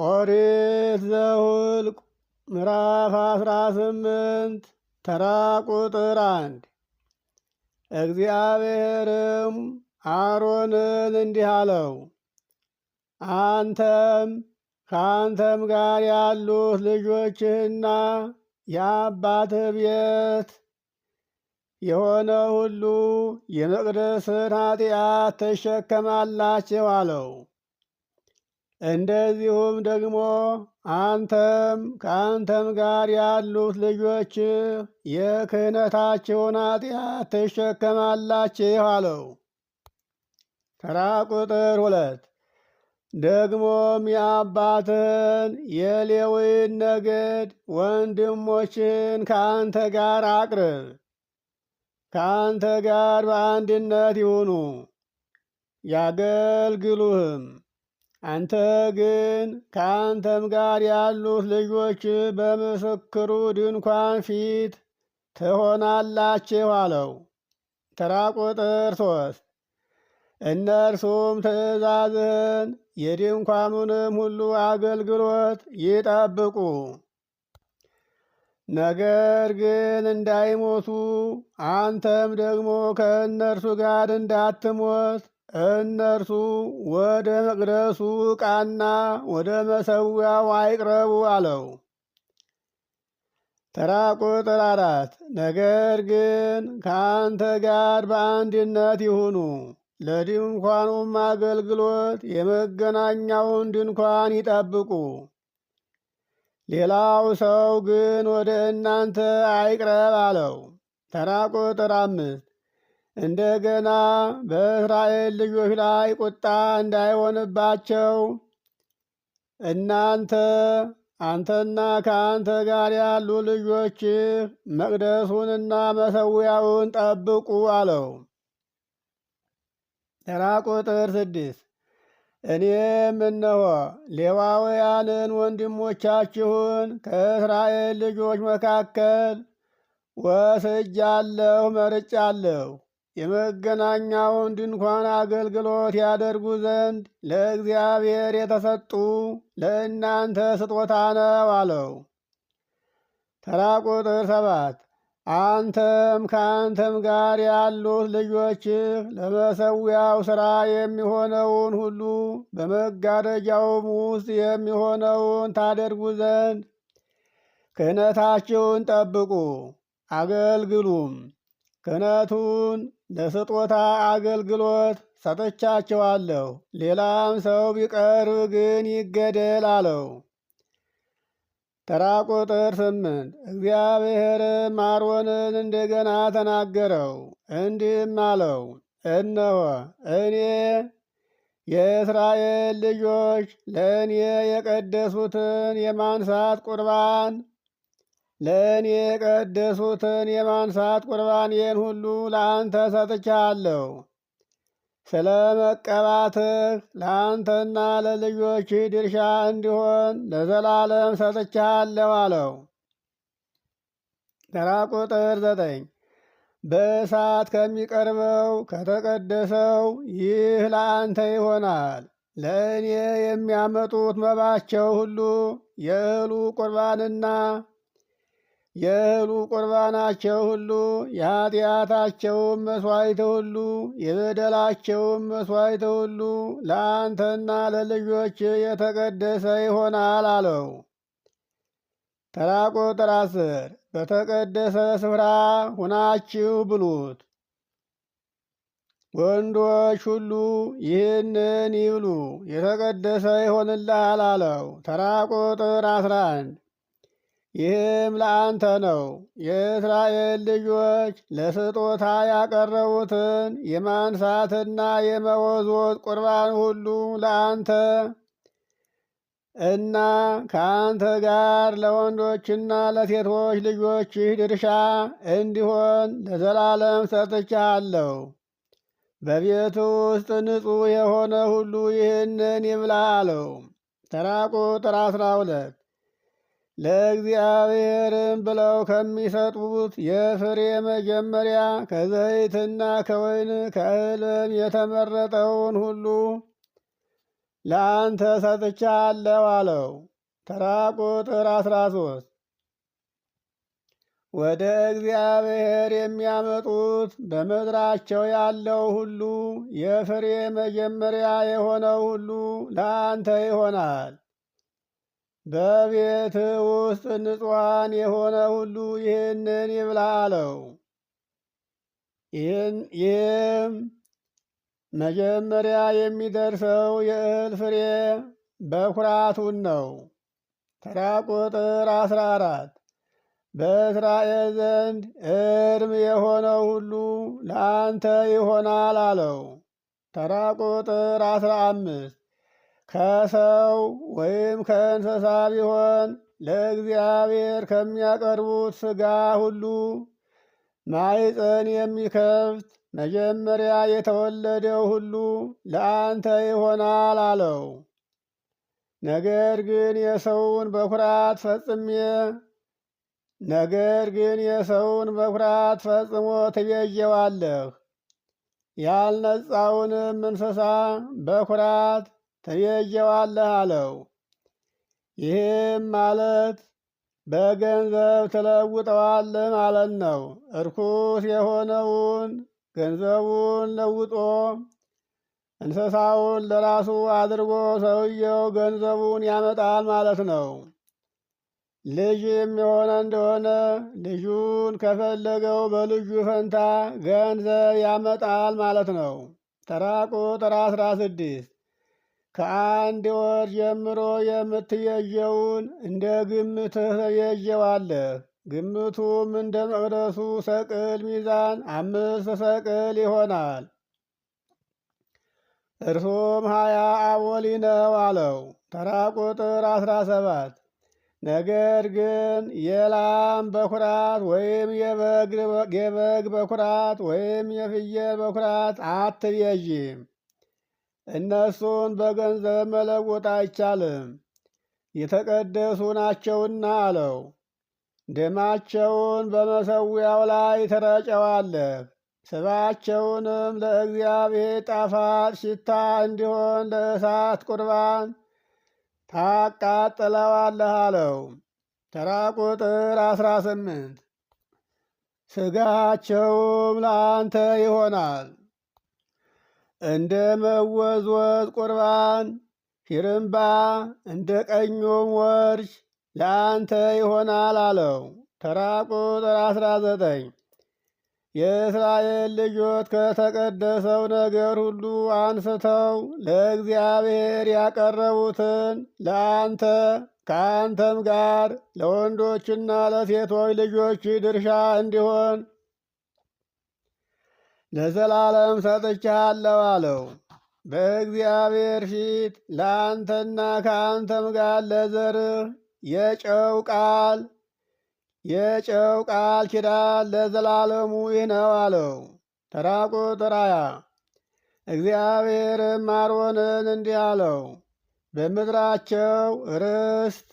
ኦሪት ዘኍልቍ ምዕራፍ አስራ ስምንት ተራ ቁጥር አንድ እግዚአብሔርም አሮንን እንዲህ አለው፣ አንተም ከአንተም ጋር ያሉት ልጆችህና የአባትህ ቤት የሆነ ሁሉ የመቅደስን ኃጢአት ትሸከማላችሁ አለው። እንደዚሁም ደግሞ አንተም ከአንተም ጋር ያሉት ልጆች የክህነታችሁን ኃጢአት ትሸከማላችሁ አለው። ተራ ቁጥር ሁለት ደግሞም የአባትን የሌዊን ነገድ ወንድሞችን ከአንተ ጋር አቅርብ፣ ከአንተ ጋር በአንድነት ይሁኑ ያገልግሉህም አንተ ግን ከአንተም ጋር ያሉት ልጆች በምስክሩ ድንኳን ፊት ትሆናላችሁ አለው። ተራ ቁጥር ሶስት እነርሱም ትእዛዝህን የድንኳኑንም ሁሉ አገልግሎት ይጠብቁ፣ ነገር ግን እንዳይሞቱ አንተም ደግሞ ከእነርሱ ጋር እንዳትሞት እነርሱ ወደ መቅደሱ ዕቃና ወደ መሰዊያው አይቅረቡ አለው። ተራ ቁጥር አራት ነገር ግን ከአንተ ጋር በአንድነት ይሁኑ፣ ለድንኳኑም አገልግሎት የመገናኛውን ድንኳን ይጠብቁ። ሌላው ሰው ግን ወደ እናንተ አይቅረብ አለው። ተራ ቁጥር አምስት እንደገና በእስራኤል ልጆች ላይ ቁጣ እንዳይሆንባቸው እናንተ አንተና ከአንተ ጋር ያሉ ልጆችህ መቅደሱንና መሰዊያውን ጠብቁ አለው። ተራ ቁጥር ስድስት እኔም እነሆ ሌዋውያንን ወንድሞቻችሁን ከእስራኤል ልጆች መካከል ወስጃለሁ፣ መርጫለሁ የመገናኛውን ድንኳን አገልግሎት ያደርጉ ዘንድ ለእግዚአብሔር የተሰጡ ለእናንተ ስጦታ ነው አለው። ተራ ቁጥር ሰባት አንተም ከአንተም ጋር ያሉት ልጆችህ ለመሰዊያው ሥራ የሚሆነውን ሁሉ በመጋረጃውም ውስጥ የሚሆነውን ታደርጉ ዘንድ ክህነታችሁን ጠብቁ፣ አገልግሉም። ክህነቱን ለስጦታ አገልግሎት ሰጥቻቸዋለሁ። ሌላም ሰው ቢቀርብ ግን ይገደል አለው። ተራ ቁጥር ስምንት እግዚአብሔርም አሮንን እንደገና ተናገረው እንዲህም አለው፣ እነሆ እኔ የእስራኤል ልጆች ለእኔ የቀደሱትን የማንሳት ቁርባን ለእኔ የቀደሱትን የማንሳት ቁርባኔን ሁሉ ለአንተ ሰጥቻለሁ። ስለ መቀባትህ ለአንተና ለልጆች ድርሻ እንዲሆን ለዘላለም ሰጥቻለሁ አለው። ተራ ቁጥር ዘጠኝ በእሳት ከሚቀርበው ከተቀደሰው ይህ ለአንተ ይሆናል። ለእኔ የሚያመጡት መባቸው ሁሉ የእህሉ ቁርባንና የእህሉ ቁርባናቸው ሁሉ የኀጢአታቸውም መስዋይት ሁሉ የበደላቸውም መስዋይት ሁሉ ለአንተና ለልጆች የተቀደሰ ይሆናል አለው። ተራ ቁጥር አስር በተቀደሰ ስፍራ ሁናችሁ ብሉት። ወንዶች ሁሉ ይህንን ይብሉ የተቀደሰ ይሆንልሃል አለው። ተራ ቁጥር አስራ አንድ ይህም ለአንተ ነው። የእስራኤል ልጆች ለስጦታ ያቀረቡትን የማንሳትና የመወዝወዝ ቁርባን ሁሉ ለአንተ እና ከአንተ ጋር ለወንዶችና ለሴቶች ልጆችህ ድርሻ እንዲሆን ለዘላለም ሰጥቻለሁ። በቤቱ ውስጥ ንጹሕ የሆነ ሁሉ ይህንን ይብላ አለው። ተራ ቁጥር አስራ ሁለት ለእግዚአብሔርም ብለው ከሚሰጡት የፍሬ መጀመሪያ ከዘይትና ከወይን ከእልም የተመረጠውን ሁሉ ለአንተ ሰጥቻለሁ አለው። ተራ ቁጥር አስራ ሶስት ወደ እግዚአብሔር የሚያመጡት በምድራቸው ያለው ሁሉ የፍሬ መጀመሪያ የሆነው ሁሉ ለአንተ ይሆናል። በቤት ውስጥ ንጹሐን የሆነ ሁሉ ይህንን ይብላ አለው። ይህም መጀመሪያ የሚደርሰው የእህል ፍሬ በኩራቱን ነው። ተራ ቁጥር አስራ አራት በእስራኤል ዘንድ እርም የሆነው ሁሉ ለአንተ ይሆናል አለው። ተራ ቁጥር አስራ አምስት ከሰው ወይም ከእንስሳ ቢሆን ለእግዚአብሔር ከሚያቀርቡት ሥጋ ሁሉ ማይፀን የሚከፍት መጀመሪያ የተወለደው ሁሉ ለአንተ ይሆናል አለው። ነገር ግን የሰውን በኩራት ፈጽሜ ነገር ግን የሰውን በኩራት ፈጽሞ ትቤዠዋለህ። ያልነጻውንም እንስሳ በኩራት ትለየዋለህ አለው። ይህም ማለት በገንዘብ ትለውጠዋለህ ማለት ነው። እርኩስ የሆነውን ገንዘቡን ለውጦ እንስሳውን ለራሱ አድርጎ ሰውየው ገንዘቡን ያመጣል ማለት ነው። ልጅም የሆነ እንደሆነ ልጁን ከፈለገው በልጁ ፈንታ ገንዘብ ያመጣል ማለት ነው። ተራ ቁጥር አስራ ስድስት ከአንድ ወር ጀምሮ የምትየየውን እንደ ግምትህ ተየዠዋለህ። ግምቱም እንደ መቅደሱ ሰቅል ሚዛን አምስት ሰቅል ይሆናል። እርሱም ሀያ አቦሊ ነው አለው። ተራ ቁጥር አስራ ሰባት ነገር ግን የላም በኩራት ወይም የበግ በኩራት ወይም የፍየል በኩራት አትቤዥም እነሱን በገንዘብ መለወጥ አይቻልም፣ የተቀደሱ ናቸውና አለው። ደማቸውን በመሰዊያው ላይ ተረጨዋለ ስባቸውንም ለእግዚአብሔር ጣፋት ሽታ እንዲሆን ለእሳት ቁርባን ታቃጥለዋለህ አለው። ተራ ቁጥር አስራ ስምንት ስጋቸውም ለአንተ ይሆናል እንደ መወዝወዝ ቁርባን ሂርምባ እንደ ቀኞም ወርች ለአንተ ይሆናል አለው። ተራ ቁጥር አስራ ዘጠኝ የእስራኤል ልጆች ከተቀደሰው ነገር ሁሉ አንስተው ለእግዚአብሔር ያቀረቡትን ለአንተ ከአንተም ጋር ለወንዶችና ለሴቶች ልጆች ድርሻ እንዲሆን ለዘላለም ሰጥቻለሁ አለው። በእግዚአብሔር ፊት ለአንተና ከአንተም ጋር ለዘርህ የጨው ቃል የጨው ቃል ኪዳን ለዘላለሙ ይህ ነው አለው። ተራ ቁጥር ሃያ እግዚአብሔርም አሮንን እንዲህ አለው፣ በምድራቸው ርስት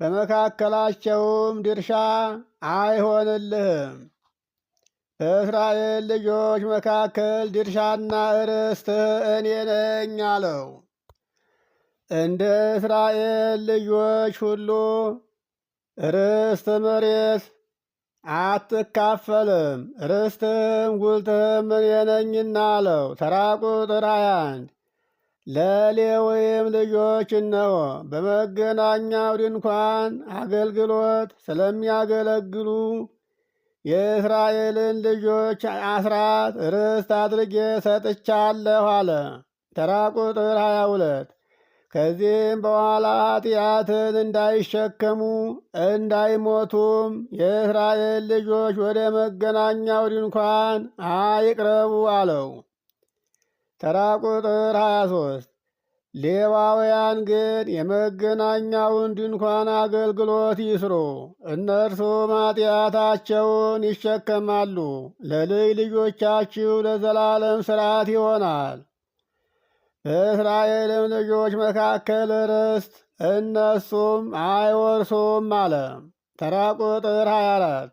በመካከላቸውም ድርሻ አይሆንልህም እስራኤል ልጆች መካከል ድርሻና ርስት እኔ ነኝ አለው። እንደ እስራኤል ልጆች ሁሉ ርስት መሬት አትካፈልም፣ ርስትም ጉልትም እኔ ነኝና አለው። ተራ ቁጥር ሃያ አንድ ለሌዊም ልጆች እነሆ በመገናኛው ድንኳን አገልግሎት ስለሚያገለግሉ የእስራኤልን ልጆች አስራት ርስት አድርጌ ሰጥቻለሁ አለ። ተራ ቁጥር 22 ከዚህም በኋላ ኃጢአትን እንዳይሸከሙ እንዳይሞቱም የእስራኤል ልጆች ወደ መገናኛው ድንኳን አይቅረቡ አለው። ተራ ቁጥር 23 ሌዋውያን ግን የመገናኛውን ድንኳን አገልግሎት ይስሩ። እነርሱ ኃጢአታቸውን ይሸከማሉ። ለልጅ ልጆቻችሁ ለዘላለም ሥርዓት ይሆናል። በእስራኤልም ልጆች መካከል ርስት እነሱም አይወርሱም አለ። ተራ ቁጥር 24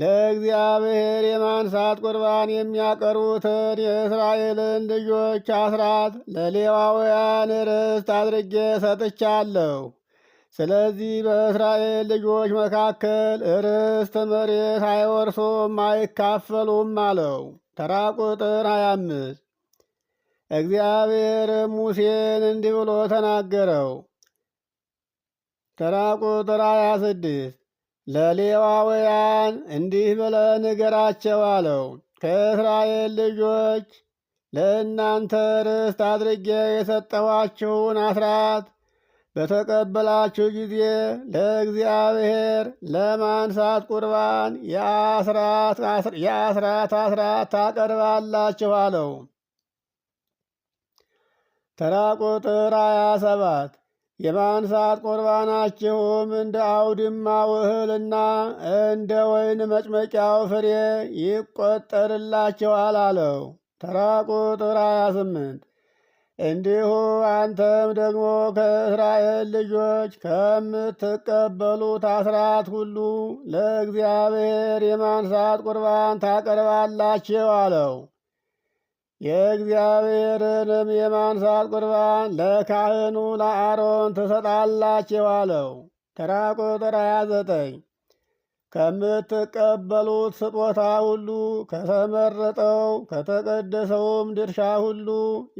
ለእግዚአብሔር የማንሳት ቁርባን የሚያቀርቡትን የእስራኤልን ልጆች አስራት ለሌዋውያን ርስት አድርጌ ሰጥቻለሁ። ስለዚህ በእስራኤል ልጆች መካከል ርስት መሬት አይወርሱም አይካፈሉም አለው። ተራ ቁጥር 25 እግዚአብሔርም ሙሴን እንዲህ ብሎ ተናገረው። ተራ ቁጥር 26 ለሌዋውያን እንዲህ ብለ ንገራቸው አለው። ከእስራኤል ልጆች ለእናንተ ርስት አድርጌ የሰጠኋችሁን አስራት በተቀበላችሁ ጊዜ ለእግዚአብሔር ለማንሳት ቁርባን የአስራት አስራት ታቀርባላችኋለው። አለው። ተራ ቁጥር 27 የማንሳት ሰዓት ቁርባናችሁም እንደ አውድማ ውህልና እንደ ወይን መጭመቂያው ፍሬ ይቆጠርላችኋል አለው። ተራ ቁጥር 28 እንዲሁ አንተም ደግሞ ከእስራኤል ልጆች ከምትቀበሉት አስራት ሁሉ ለእግዚአብሔር የማንሳት ቁርባን ታቀርባላችሁ አለው። የእግዚአብሔርንም የማንሳት ቁርባን ለካህኑ ለአሮን ትሰጣላችሁ አለው። ተራ ቁጥር ዘጠኝ ከምትቀበሉት ስጦታ ሁሉ ከተመረጠው ከተቀደሰውም ድርሻ ሁሉ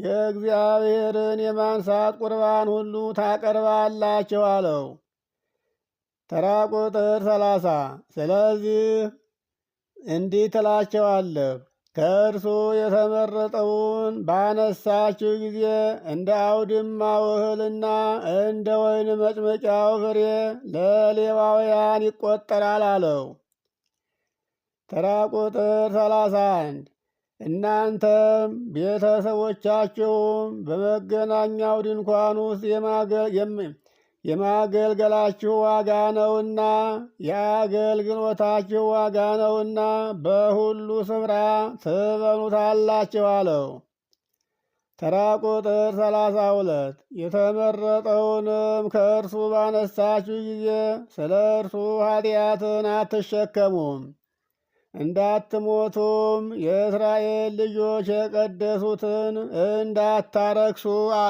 የእግዚአብሔርን የማንሳት ቁርባን ሁሉ ታቀርባላችሁ አለው። ተራ ቁጥር ሰላሳ ስለዚህ እንዲህ ትላቸዋለህ ከእርሱ የተመረጠውን ባነሳችሁ ጊዜ እንደ አውድማ ውህልና እንደ ወይን መጭመቂያው ፍሬ ለሌዋውያን ይቆጠራል አለው። ተራ ቁጥር ሰላሳ አንድ እናንተም ቤተሰቦቻችሁም በመገናኛው ድንኳን ውስጥ የማገልገላችሁ ዋጋ ነውና የአገልግሎታችሁ ዋጋ ነውና በሁሉ ስፍራ ትበኑታላችሁ አለው። ተራ ቁጥር 32 ሁለት የተመረጠውንም ከእርሱ ባነሳችሁ ጊዜ ስለ እርሱ ኃጢአትን አትሸከሙም እንዳትሞቱም የእስራኤል ልጆች የቀደሱትን እንዳታረክሱ አለ።